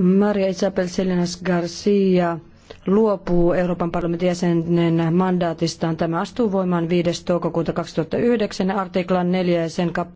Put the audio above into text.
Maria Isabel Selinas Garcia luopuu Euroopan parlamentin jäsenen mandaatistaan. Tämä astuu voimaan 5. toukokuuta 2009 artiklan 4 ja sen kap-